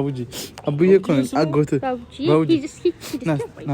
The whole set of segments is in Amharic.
አቡጂ አቡዬ እኮ ነኝ። አጎት ባቡጂ ና ና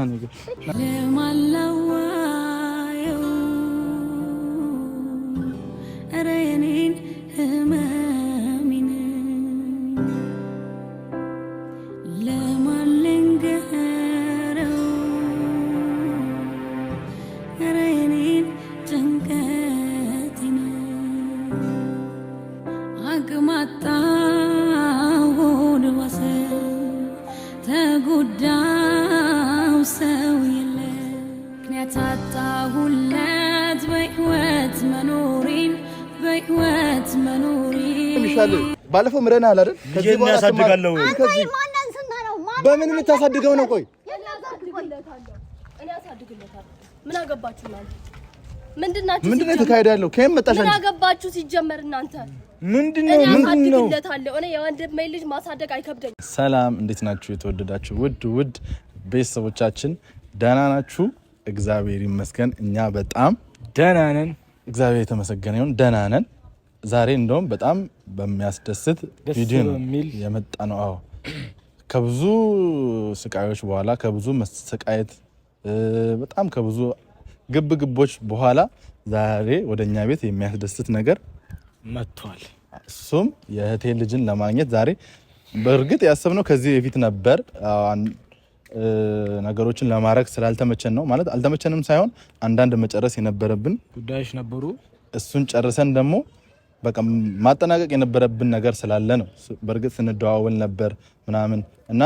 ህይወት መኖሪ ይሻል። አይደል? ከዚህ በኋላ ያሳድጋለሁ። በምን የምታሳድገው ነው? ቆይ ምንድን ነው የተካሄደ ያለው? ከየት መጣሽ? ምን አገባችሁ ሲጀመር እናንተ? ልጅ ማሳደግ አይከብደኝም። ሰላም፣ እንዴት ናችሁ? የተወደዳችሁ ውድ ውድ ቤተሰቦቻችን ደህና ናችሁ? እግዚአብሔር ይመስገን እኛ በጣም ደህና ነን። እግዚአብሔር የተመሰገነ ይሁን፣ ደህና ነን። ዛሬ እንደውም በጣም በሚያስደስት ቪዲዮ ነው የመጣ ነው። አዎ ከብዙ ስቃዮች በኋላ ከብዙ መሰቃየት በጣም ከብዙ ግብ ግቦች በኋላ ዛሬ ወደ እኛ ቤት የሚያስደስት ነገር መጥቷል። እሱም የእህቴ ልጅን ለማግኘት ዛሬ በእርግጥ ያሰብነው ከዚህ በፊት ነበር። ነገሮችን ለማድረግ ስላልተመቸን ነው ማለት አልተመቸንም ሳይሆን አንዳንድ መጨረስ የነበረብን ጉዳዮች ነበሩ። እሱን ጨርሰን ደግሞ በቃ ማጠናቀቅ የነበረብን ነገር ስላለ ነው። በእርግጥ ስንደዋወል ነበር ምናምን እና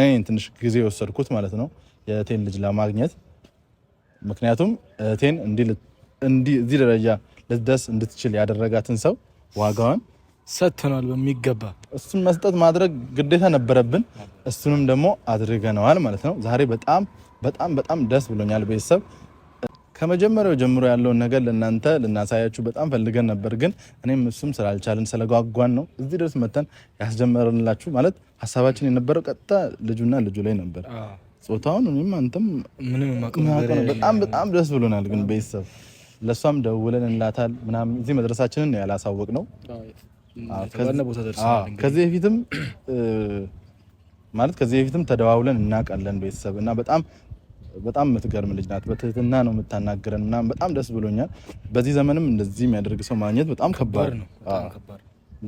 እኔ ትንሽ ጊዜ የወሰድኩት ማለት ነው የእቴን ልጅ ለማግኘት ምክንያቱም እህቴን እዚህ ደረጃ ልትደስ እንድትችል ያደረጋትን ሰው ዋጋዋን ሰጥተናል በሚገባ እሱን መስጠት ማድረግ ግዴታ ነበረብን። እሱንም ደግሞ አድርገነዋል ማለት ነው። ዛሬ በጣም በጣም በጣም ደስ ብሎኛል ቤተሰብ ከመጀመሪያው ጀምሮ ያለውን ነገር ለእናንተ ልናሳያችሁ በጣም ፈልገን ነበር፣ ግን እኔም እሱም ስላልቻልን ስለጓጓን ነው እዚህ ድረስ መተን ያስጀመርንላችሁ። ማለት ሀሳባችን የነበረው ቀጥታ ልጁና ልጁ ላይ ነበር። ጾታውን እኔም አንተም በጣም በጣም ደስ ብሎናል። ግን ቤተሰብ ለእሷም ደውለን እንላታል ምናምን እዚህ መድረሳችንን ያላሳወቅ ነው። ከዚህ በፊትም ማለት ከዚህ በፊትም ተደዋውለን እናውቃለን ቤተሰብ እና በጣም በጣም የምትገርም ልጅ ናት። በትህትና ነው የምታናግረን ምናምን በጣም ደስ ብሎኛል። በዚህ ዘመንም እንደዚህ የሚያደርግ ሰው ማግኘት በጣም ከባድ ነው።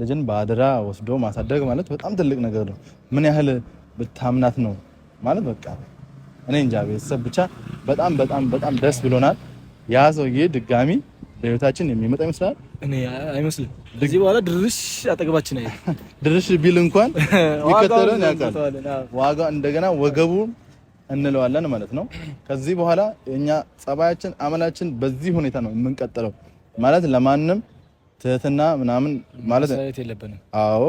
ልጅን በአደራ ወስዶ ማሳደግ ማለት በጣም ትልቅ ነገር ነው። ምን ያህል ብታምናት ነው ማለት በቃ እኔ እንጃ። ቤተሰብ ብቻ በጣም በጣም በጣም ደስ ብሎናል። ያ ሰውዬ ድጋሚ በህይወታችን የሚመጣ ይመስላል። እኔ አይመስልም። ከዚህ በኋላ ድርሽ አጠገባችን ድርሽ ቢል እንኳን ይከተለን ያውቃል። ዋጋ እንደገና ወገቡን እንለዋለን ማለት ነው። ከዚህ በኋላ እኛ ጸባያችን፣ አመላችን በዚህ ሁኔታ ነው የምንቀጥለው ማለት ለማንም ትህትና ምናምን ማለት የለብንም። አዎ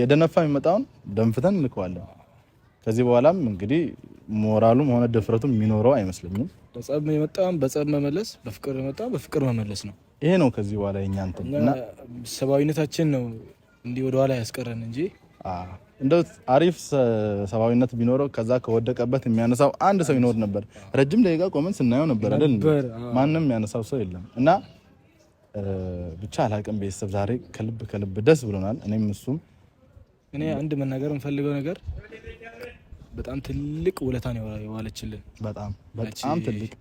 የደነፋ የሚመጣውን ደንፍተን እንልከዋለን። ከዚህ በኋላም እንግዲህ ሞራሉም ሆነ ድፍረቱም የሚኖረው አይመስለኝም። በጸብ የመጣውን በጸብ መመለስ፣ በፍቅር የመጣውን በፍቅር መመለስ ነው። ይሄ ነው ከዚህ በኋላ የኛ እንትን እና ሰብአዊነታችን ነው እንዲህ ወደኋላ ያስቀረን እንጂ እንደው አሪፍ ሰብአዊነት ቢኖረው ከዛ ከወደቀበት የሚያነሳው አንድ ሰው ይኖር ነበር። ረጅም ደቂቃ ቆመን ስናየው ነበር አይደል? ማንም የሚያነሳው ሰው የለም። እና ብቻ አላቅም። ቤተሰብ ዛሬ ከልብ ከልብ ደስ ብሎናል። እኔም እሱም እኔ አንድ መናገር የምፈልገው ነገር በጣም ትልቅ ውለታ ነው የዋለችልን። በጣም በጣም ትልቅ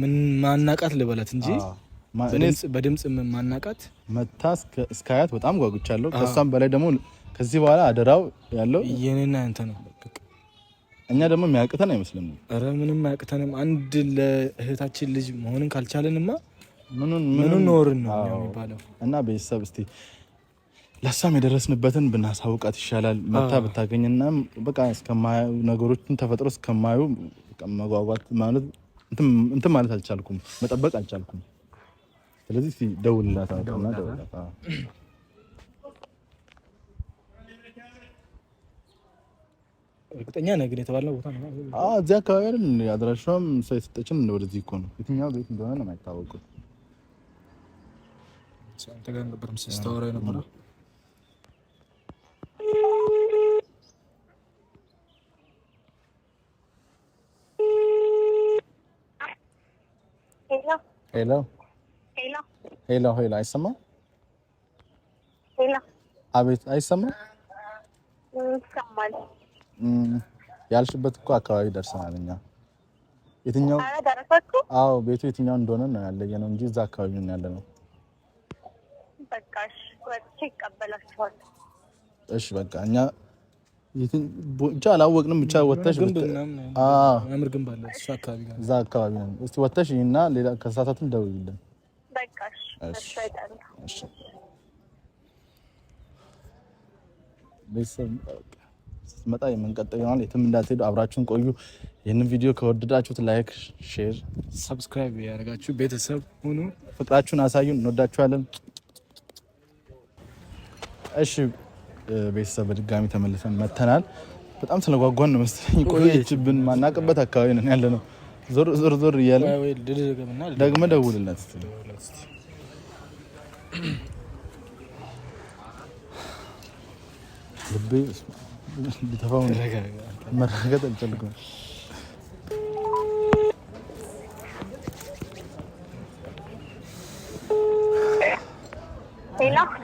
ምን ማናቃት ልበላት እንጂ በድምፅ ማናቃት መታ እስካያት በጣም ጓጉቻለሁ። ከሷም በላይ ደግሞ ከዚህ በኋላ አደራው ያለው የኔና አንተ ነው። እኛ ደግሞ የሚያቅተን አይመስልም። ኧረ ምንም አያቅተንም። አንድ ለእህታችን ልጅ መሆንን ካልቻለንማ ምኑን ኖርን ነው የሚባለው። እና ቤተሰብ እስቲ ለሳም የደረስንበትን ብናሳውቃት ይሻላል። መታ ብታገኝና በቃ እስከማዩ ነገሮችን ተፈጥሮ እስከማዩ መጓጓት ማለት እንትን ማለት አልቻልኩም፣ መጠበቅ አልቻልኩም። ስለዚህ ደውልላት ደውልላት እርግጠኛ ነህ ግን የተባልነው ቦታ ነው። እዚህ አካባቢ አይደል? አድራሻም ሰው የሰጠችን ወደዚህ እኮ ነው። የትኛው ቤት እንደሆነ የማይታወቅም። አንተ ጋር ነበር ሄሎ ሄሎ ሄሎ፣ አቤት፣ አይሰማ? ይሰማል ያልሽበት እኮ አካባቢ ደርሰናል እኛ። የትኛው አዎ፣ ቤቱ የትኛው እንደሆነ ነው ያለየ ነው እንጂ እዛ አካባቢ ነው ያለ ነው። እሺ በቃ እኛ ብቻ አላወቅንም። ብቻ ወተሽ ምር ግን ባለ እዛ አካባቢ ነው። እስቲ ወተሽ እና ሌላ ከሳታቱን ደውይልን። ቤተሰብ ስትመጣ የምንቀጥል ይሆናል። የትም እንዳትሄዱ አብራችሁን ቆዩ። ይህንን ቪዲዮ ከወደዳችሁት ላይክ፣ ሼር፣ ሰብስክራይብ ያደርጋችሁ ቤተሰብ ሆኖ ፍቅራችሁን አሳዩን። እንወዳችኋለን። እሺ ቤተሰብ በድጋሚ ተመልሰን መተናል። በጣም ስለጓጓን ነው መሰለኝ ቆየችብን። ማናቅበት አካባቢ ነን ያለ ነው። ዞር ዞር ዞር እያለ ደግመ ደውልላት ልቤ بتفاهم مرغد الجلجل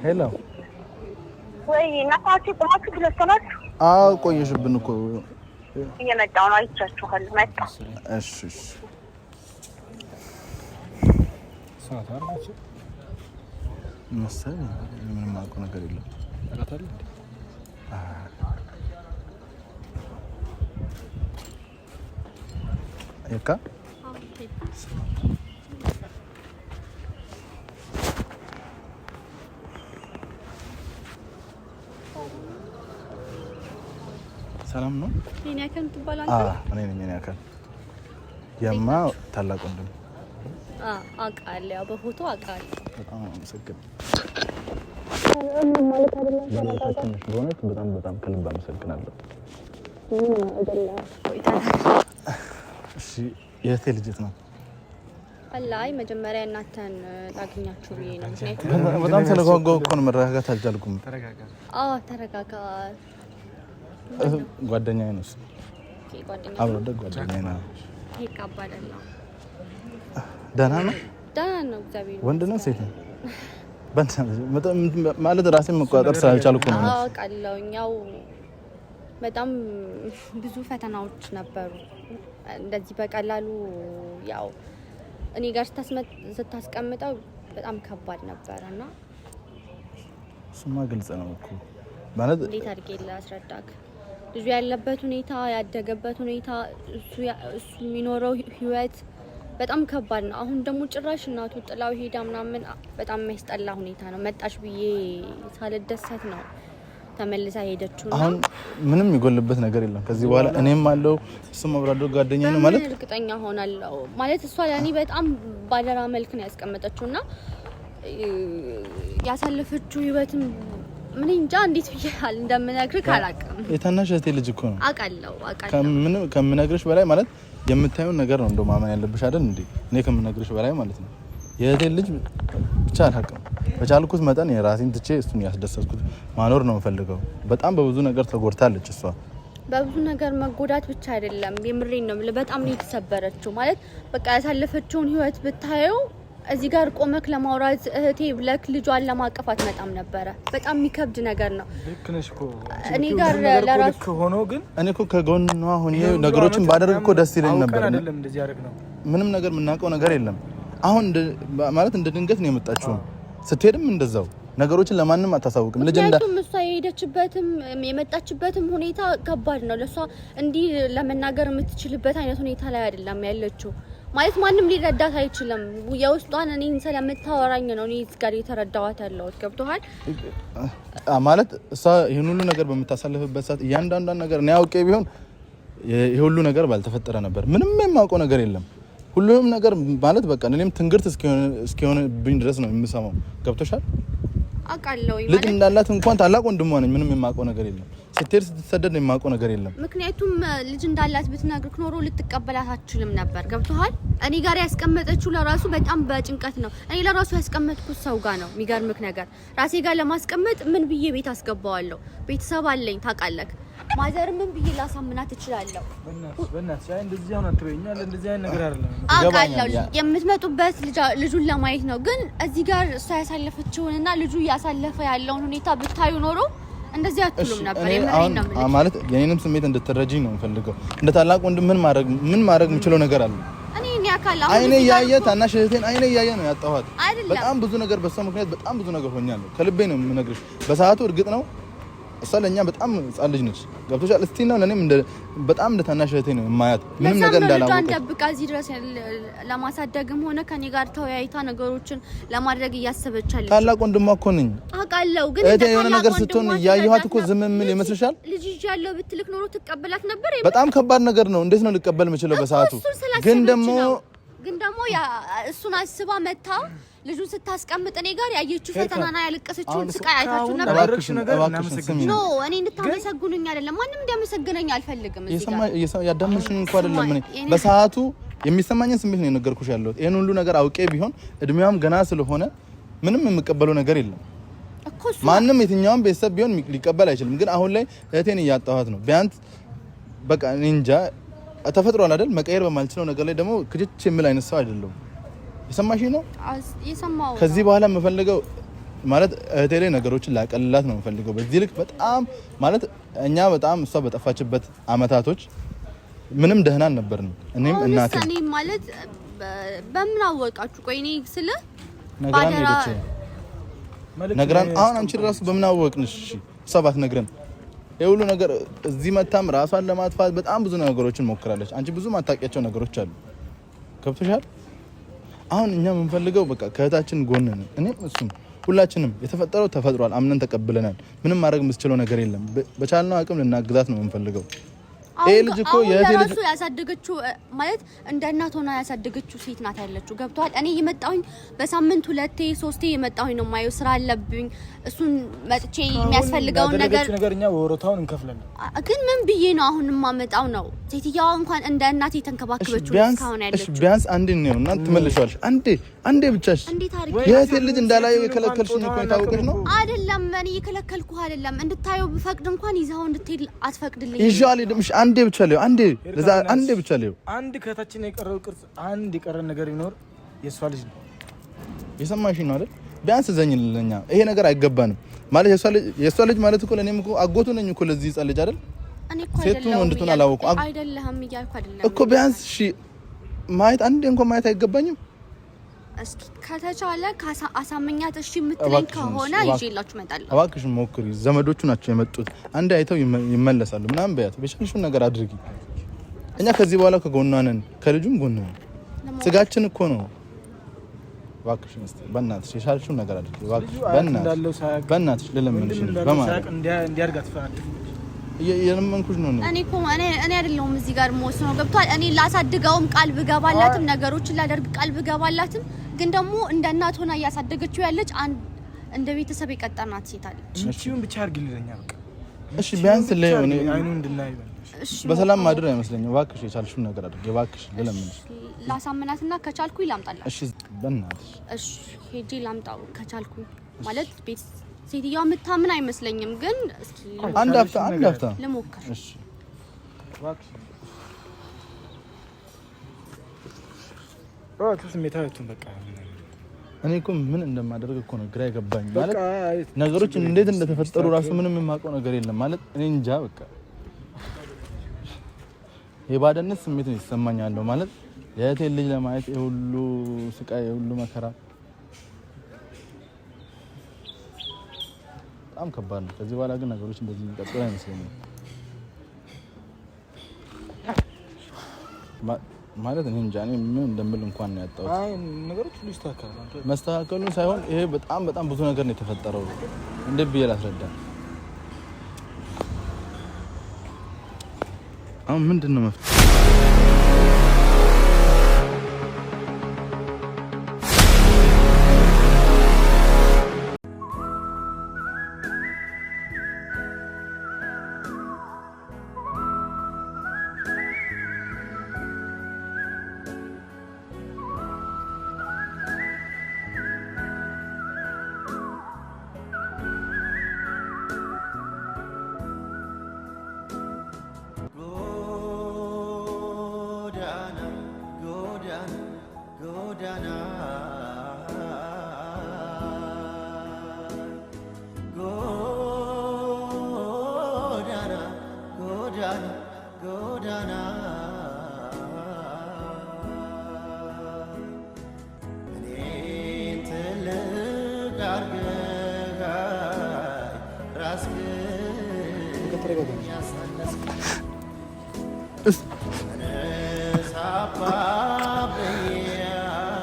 ሄሎ ወይ ነፋችሁ ቆማችሁ ሁለት ሰዓት? አዎ ቆየሽብን እኮ እየመጣሁ ነው። አይቻችኋል። መጣ። እሺ እሺ። መሰለኝ ምንም አውቀው ነገር የለም። 될까? ሰላም ነው። እኔ ነኝ። እኔ አካል ታላቅ ወንድም አውቃለሁ፣ በፎቶ አውቃለሁ። በጣም አመሰግናለሁ። በእውነት በጣም በጣም ከልብ አመሰግናለሁ። እሺ፣ የእህቴ ልጅት ነው አላይ መጀመሪያ እናንተን ላገኛችሁ ብዬ ነው። ምክንያቱም በጣም ተለጓጓሁ እኮ ነው፣ መረጋጋት አልቻልኩም። አዎ ተረጋጋ። ጓደኛዬ ነው እሱ፣ አብሮ ደግ ጓደኛ ነው። ደህና ነው፣ ደህና ነው። እግዚአብሔር ወንድ ነው ሴት ነው ማለት ራሴን መቆጣጠር ስላልቻልኩ ነው። አውቃለሁ። እኛው በጣም ብዙ ፈተናዎች ነበሩ እንደዚህ በቀላሉ ያው እኔ ጋር ስታስቀምጠው በጣም ከባድ ነበረ እና እሱማ ግልጽ ነው እኮ ማለት እንዴት አድርጌ ላስረዳክ? ልጁ ያለበት ሁኔታ፣ ያደገበት ሁኔታ፣ እሱ የሚኖረው ህይወት በጣም ከባድ ነው። አሁን ደግሞ ጭራሽ እናቱ ጥላው ሄዳ ምናምን በጣም የሚያስጠላ ሁኔታ ነው። መጣሽ ብዬ ሳልደሰት ነው ተመልሳ ሄደችው። አሁን ምንም የጎልበት ነገር የለም። ከዚህ በኋላ እኔም አለው እሱም አብራዶ ጓደኛ ነው ማለት እርግጠኛ ሆናለሁ ማለት እሷ ለእኔ በጣም ባደራ መልክ ነው ያስቀመጠችው እና ያሳለፈችው ህይወትም ምን እንጃ እንዴት ብያል እንደምነግርህ አላውቅም። የታናሽ እህቴ ልጅ እኮ ነው አውቃለሁ። አውቃለሁ ከምነግርሽ በላይ ማለት የምታዩን ነገር ነው እንደው ማመን ያለብሽ አይደል እንዴ? እኔ ከምነግርሽ በላይ ማለት ነው የእህቴ ልጅ ብቻ አላውቅም በቻልኩት መጠን የራሴን ትቼ እሱን ያስደሰትኩት ማኖር ነው የምፈልገው። በጣም በብዙ ነገር ተጎድታለች እሷ። በብዙ ነገር መጎዳት ብቻ አይደለም፣ የምሬን ነው። በጣም ነው የተሰበረችው። ማለት በቃ ያሳለፈችውን ህይወት ብታየው እዚህ ጋር ቆመክ ለማውራት እህቴ ብለክ ልጇን ለማቀፋት መጣም ነበረ። በጣም የሚከብድ ነገር ነው። እኔ ጋር ለራሱ ሆኖ ግን እኔ እኮ ከጎኗ ሆኜ ነገሮችን ባደረግ እኮ ደስ ይለኝ ነበር። ምንም ነገር የምናውቀው ነገር የለም። አሁን ማለት እንደ ድንገት ነው የመጣችው ስትሄድም እንደዛው ነገሮችን ለማንም አታሳውቅም። ልጅ እሷ የሄደችበትም የመጣችበትም ሁኔታ ከባድ ነው ለእሷ እንዲህ ለመናገር የምትችልበት አይነት ሁኔታ ላይ አይደለም ያለችው። ማለት ማንም ሊረዳት አይችልም። የውስጧን እኔን ስለምታወራኝ ነው እኔ ጋር የተረዳዋት ያለሁት። ገብቶሃል? ማለት እሷ ይህን ሁሉ ነገር በምታሳልፍበት ሰዓት እያንዳንዷን ነገር እኔ አውቄ ቢሆን ይህ ሁሉ ነገር ባልተፈጠረ ነበር። ምንም የማውቀው ነገር የለም ሁሉንም ነገር ማለት በቃ እኔም ትንግርት እስኪሆንብኝ ድረስ ነው የምሰማው። ገብቶሻል? አውቃለሁ ልጅ እንዳላት እንኳን ታላቅ ወንድሟ ነኝ። ምንም የማውቀው ነገር የለም። ስትሄድ ስትሰደድ የማውቀው ነገር የለም። ምክንያቱም ልጅ እንዳላት ብትነግርክ ኖሮ ልትቀበላት አትችልም ነበር። ገብቶሃል? እኔ ጋር ያስቀመጠችው ለራሱ በጣም በጭንቀት ነው። እኔ ለራሱ ያስቀመጥኩት ሰው ጋር ነው። የሚገርምክ ነገር ራሴ ጋር ለማስቀመጥ ምን ብዬ ቤት አስገባዋለሁ? ቤተሰብ አለኝ ታውቃለህ። ማዘርም ምን ብዬ ላሳምናት እችላለሁ? የምትመጡበት ልጁን ለማየት ነው። ግን እዚህ ጋር እሷ ያሳለፈችውን እና ልጁ እያሳለፈ ያለውን ሁኔታ ብታዩ ኖሮ እንደዚህ አትሉም ነበር። የምሬን ነው የምልሽ። ማለት የኔንም ስሜት እንድትረጂኝ ነው የምፈልገው። እንደ ታላቅ ወንድም ምን ማድረግ ምን ማድረግ የምችለው ነገር አለ? አይኔ እያየ ታናሽ እህቴን አይኔ እያየ ነው ያጣኋት። በጣም ብዙ ነገር በእሷ ምክንያት በጣም ብዙ ነገር ሆኛለሁ። ከልቤ ነው የምነግርሽ። በሰዓቱ እርግጥ ነው እሷ ለእኛ በጣም ህፃን ልጅ ነች። ገብቶሻል? እስቲና ለእኔም በጣም እንደ ታናሽ እህቴ ነው የማያት። ምንም ነገር እንዳላወቀች ደብቃ እዚህ ድረስ ለማሳደግም ሆነ ከኔ ጋር ተወያይታ ነገሮችን ለማድረግ እያሰበቻለች። ታላቅ ወንድሟ እኮ ነኝ አውቃለሁ፣ ግን እህቴ የሆነ ነገር ስትሆን እያየኋት እኮ ዝም የምል ይመስልሻል? ልጅ ያለው ብትልክ ኖሮ ትቀበላት ነበር። በጣም ከባድ ነገር ነው። እንዴት ነው ልቀበል የምችለው? በሰዓቱ ግን ደግሞ ግን ደግሞ እሱን አስባ መታ ልጁን ስታስቀምጥ እኔ ጋር ያየችው ፈተናና ያለቀሰችውን ስቃይ አይታችሁ ነበር። ኖ እኔ እንድታመሰግኑኝ አይደለም፣ ማንም እንዲያመሰግነኝ አልፈልግም። ያዳመሽን እንኳ አይደለም። እኔ በሰዓቱ የሚሰማኝን ስሜት ነው የነገርኩሽ ያለሁት። ይህን ሁሉ ነገር አውቄ ቢሆን እድሜዋም ገና ስለሆነ ምንም የምቀበለው ነገር የለም። ማንም የትኛውም ቤተሰብ ቢሆን ሊቀበል አይችልም። ግን አሁን ላይ እህቴን እያጣኋት ነው። ቢያንስ በቃ እኔ እንጃ ተፈጥሯል አይደል? መቀየር በማልችለው ነገር ላይ ደግሞ ክጅች የምል አይነት ሰው አይደለሁም። የሰማሽ ነው። ከዚህ በኋላ የምፈልገው ማለት እህቴ ላይ ነገሮችን ላቀልላት ነው የምፈልገው። በዚህ ልክ በጣም ማለት እኛ በጣም እሷ በጠፋችበት አመታቶች ምንም ደህና አልነበርንም። እኔም እናቴ ማለት በምን አወቃችሁ? ቆይ እኔ ስለ ነግራን አሁን አንቺ ራሱ በምን አወቅንሽ? ሰባት ነግረን የሁሉ ነገር እዚህ መታም ራሷን ለማጥፋት በጣም ብዙ ነገሮችን ሞክራለች። አንቺ ብዙ ማታውቂያቸው ነገሮች አሉ። ገብቶሻል አሁን እኛ የምንፈልገው በቃ ከእህታችን ጎን ነን። እኔም እሱም ሁላችንም የተፈጠረው ተፈጥሯል፣ አምነን ተቀብለናል። ምንም ማድረግ የምትችለው ነገር የለም። በቻልነው አቅም ልናግዛት ነው የምንፈልገው። ይሄ ልጅ እኮ ልጅ ያሳደገችው ማለት እንደ እናት ሆና ያሳደገችው ሴት ናት ያለችው። ገብቷል። እኔ የመጣሁኝ በሳምንት ሁለቴ ሶስቴ የመጣሁኝ ነው የማየው። ስራ አለብኝ። እሱን መጥቼ የሚያስፈልገውን ነገር ነገርኛ ወሮታውን እንከፍለን። ግን ምን ብዬ ነው አሁን የማመጣው ነው? ሴትየዋ እንኳን እንደ እናት የተንከባከበችው እስካሁን ያለችው ቢያንስ አንዴ ነው እና ትመልሻለሽ አንዴ አንዴ ብቻሽ የእህቴን ልጅ እንዳላየው የከለከልሽኝ እኮ የታወቀሽ ነው አይደለም? እኔ የከለከልኩህ አይደለም። እንድታየው ብፈቅድ እንኳን ይዛው እንድትሄድ አትፈቅድልኝ። ይዤው አልሄድም። እሺ አንዴ ብቻ ላየው፣ አንዴ ለዛ አንዴ ብቻ ላየው። አንድ ከታችን የቀረው ቅርጽ፣ አንድ የቀረን ነገር ቢኖር የእሷ ልጅ ነው። የሰማሽኝ ነው አይደል? ቢያንስ ዘኝልኛ። ይሄ ነገር አይገባንም ማለት የእሷ ልጅ ማለት እኮ ለእኔም እኮ አጎቱ ነኝ እኮ ለዚህ ህፃን ልጅ አይደል? ሴቱን ወንድቱን አላወቁ አይደለም እኮ ቢያንስ እሺ ማየት አንዴ እንኳን ማየት አይገባኝም እስኪ ከተቻለ አሳምኛት እሺ የምትለኝ ከሆነ ይዤላችሁ እመጣለሁ። ሞክሪ። ዘመዶቹ ናቸው የመጡት። አንድ አይተው ይመለሳሉ ምናምን በያት። ነገር አድርጊ። እኛ ከዚህ በኋላ ከጎኗ ነን፣ ከልጁም ጎን ነን። ስጋችን እኮ ነው። በእናትሽ የቻልሽውን ነገር አድርጊ። በእናትሽ ልለምንሽ የለመንኩሽ ነው። እኔ እኮ እኔ አይደለሁም እዚህ ጋር መወስነው ገብቷል። እኔ ላሳድገውም ቃል ብገባላትም ነገሮችን ላደርግ ቃል ብገባላትም ግን ደግሞ እንደ እናት ሆና እያሳደገችው ያለች እንደ ቤተሰብ የቀጠርናት ሴት አለች። ምቺውን ብቻ አድርግ በቃ እሺ፣ ቢያንስ ላይ ለሆነ አይኑ እንድናይ በሰላም ማድረግ አይመስለኝም። እባክሽ የቻልሽውን ነገር አድርጊ እባክሽ፣ ልለምንሽ ላሳምናትና ከቻልኩ ይላምጣላ። እሺ፣ በእናትሽ እሺ፣ ሄጄ ላምጣው ከቻልኩ ማለት ቤት ሴትዮዋ የምታምን አይመስለኝም። ግን እስኪ አንድ አፍታ አንድ አፍታ ልሞክር። እሺ፣ እባክሽ ስሜታዊቱን በቃ እኔ እኮ ምን እንደማደርግ እኮ ነው ግራ የገባኝ። ማለት ነገሮች እንዴት እንደተፈጠሩ ራሱ ምንም የማውቀው ነገር የለም። ማለት እኔ እንጃ በቃ የባደነት ስሜት ነው ይሰማኛለሁ። ማለት የእህቴን ልጅ ለማየት የሁሉ ስቃይ፣ የሁሉ መከራ በጣም ከባድ ነው። ከዚህ በኋላ ግን ነገሮች እንደዚህ የሚቀጥሉ አይመስለኝም። ማለት እኔ እንጃ እኔ ምን እንደምል እንኳን ነው ያጣሁት። አይ ነገሮች ሁሉ ይስተካከላል። መስተካከሉ ሳይሆን ይሄ በጣም በጣም ብዙ ነገር ነው የተፈጠረው። እንዴት ብዬ ላስረዳ? አሁን ምንድን ነው መፍትሄ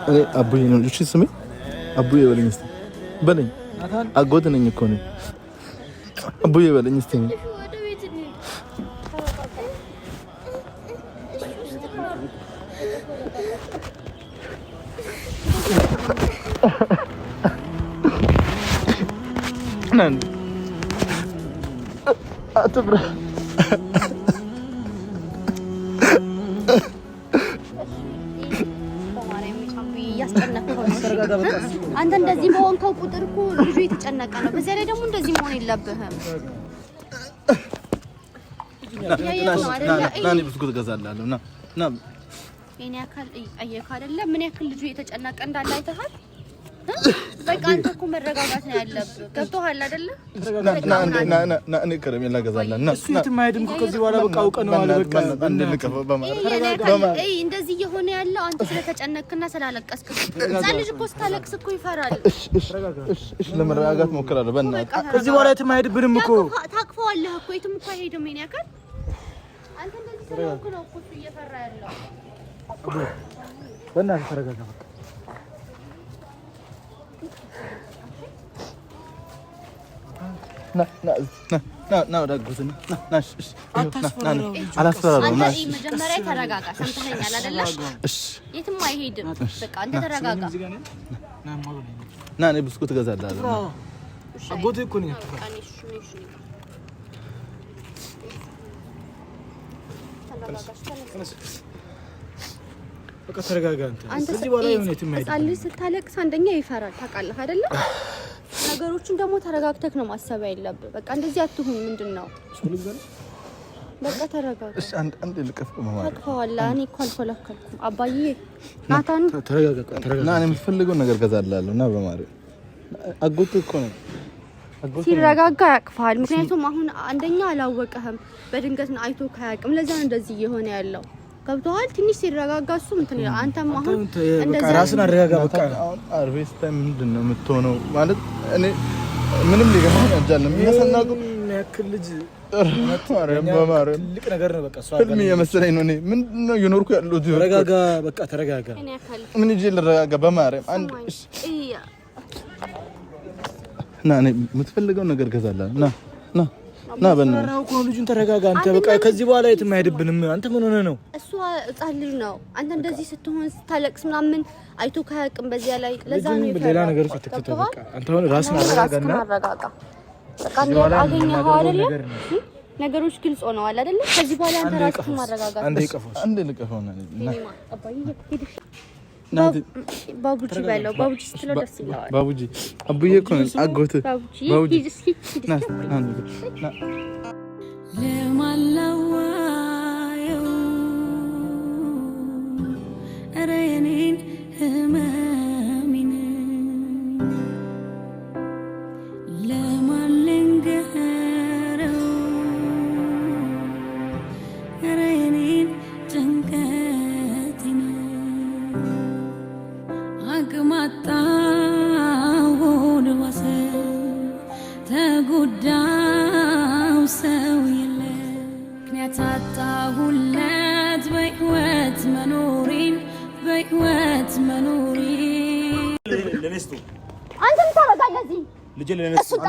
እኔ አቡዬ ነው። እሺ ስሜ አቡዬ በለኝ እስኪ በለኝ። አጎት ነኝ እኮ ነኝ። አቡዬ በለኝ እስኪ አትፍራ እንደዚህ መሆን ቁጥር እኮ ልጁ የተጨነቀ ነው። በዚያ ላይ ደግሞ እንደዚህ መሆን የለብህም። ናኔ ብስኩት እገዛላለሁ። ምን ያክል ልጁ የተጨነቀ እንዳለ አይተሃል? በቃ መረጋጋት ነው ያለብህ። ገብቶሃል አይደለ? ከረሜላ እገዛለሁ። እሱ የትም አይሄድም እኮ በኋላ በቃ እንደዚህ እየሆነ ያለው አንተ ስለተጨነቅክና ስላለቀስክ። ሕፃን ልጅ እኮ ስታለቅስ እኮ ይፈራል። ለመረጋጋት ሞክራለሁ። በእናትህ ከዚህ በኋላ የትም አይሄድብንም እኮ ታቅፈዋለህ እኮ የትም እኮ አይሄድም። የእኔ ያካል አንተ እንደዚህ ስለሆንክ ነው እኮ እሱ እየፈራ ያለው። በእናትህ ተረጋጋ። መጀመሪያ ተረጋጋ። ሰምተኸኛል አይደለ? የትም አይሄድም። በቃ ብስኩት እገዛልሃለሁ። አጎቴ እኮ ነኝ። በቃ ተረጋጋ። አንተ ስታለቅስ አንደኛ ይፈራል ታውቃለህ አይደለ? ነገሮችን ደግሞ ተረጋግተክ ነው ማሰብ ያለብህ። በቃ እንደዚህ አትሁን። ምንድን ነው በቃ ተረጋጋ። እሺ አንድ አንድ ነገር ገዛላለሁ። በማርያም አጎት እኮ ነው ሲረጋጋ ያቅፋል። ምክንያቱም አሁን አንደኛ አላወቀህም፣ በድንገት አይቶ ለዛ ነው እንደዚህ እየሆነ ያለው። ገብቶሃል? ትንሽ ሲረጋጋ እሱ እንትን ይላል። አንተም አሁን ራስን አረጋጋ። በቃ አርቬስታ ምንድን ነው የምትሆነው? ማለት እኔ ምንም ሊገባኝ አልቻለም። የሚያሰናቁ ያክል ልጅ ነገር ነው። በቃ የመሰለኝ ነው። እኔ ነው በቃ ተረጋጋ። ምን አንድ የምትፈልገው ነገር ገዛላ ና ና ና በእናትህ እኮ ነው። ልጁን ተረጋጋ አንተ። በቃ ከዚህ በኋላ የትም አይሄድብንም። አንተ ምን ሆነህ ነው? እሷ ህጻን ልጅ ነው። አንተ እንደዚህ ስትሆን ስታለቅስ ምናምን አይቶ ከያቅም በዚያ ላይ ለዛ ነው ሌላ ነገር ውስጥ አትከተው። በቃ አንተ አሁን ራስን አረጋጋና በቃ አገኘኸው አይደለም ነገሮች ግልጽ ሆነዋል አይደለ? ከዚህ በኋላ አንተ ራስህን ማረጋጋት አንዴ ቀፈው አንዴ ልቀፈው ልቀፈውና ባቡጂ በለው። ባቡጂ ስትለው ደስ ይለዋል። ለማላዋየው ኧረ ህመም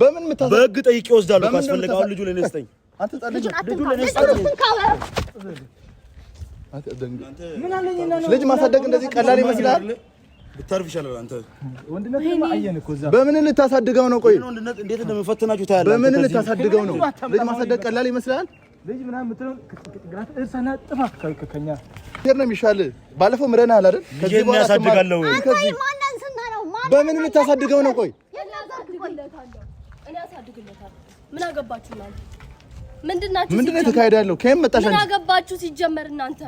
በምን ምታ በህግ ጠይቄ እወስዳለሁ ካስፈለገ። አሁን ልጁ ለኔ ስጠኝ። አንተ ልጁ ልጅ ማሳደግ እንደዚህ ቀላል ይመስላል? ብታርፍ ይሻላል። አንተ በምን ልታሳድገው ነው? ቆይ እንዴት እንደምፈትናችሁ ታያለህ። በምን ልታሳድገው ነው? ልጅ ማሳደግ ቀላል ይመስላል? ልጅ ምናምን ጥፋ ከኛ ነው የሚሻል። ባለፈው አይደል? ከዚህ ያሳድጋለሁ። በምን ልታሳድገው ነው? ቆይ ምን አገባችሁ እናንተ? ምንድን ነው የተካሄደ ያለው? ከየት መጣሽ? ምን አገባችሁ ሲጀመር እናንተ?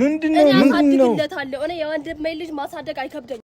ምንድን ነው? ምንድን ነው? እኔ የወንድሜ ልጅ ማሳደግ አይከብደኝም።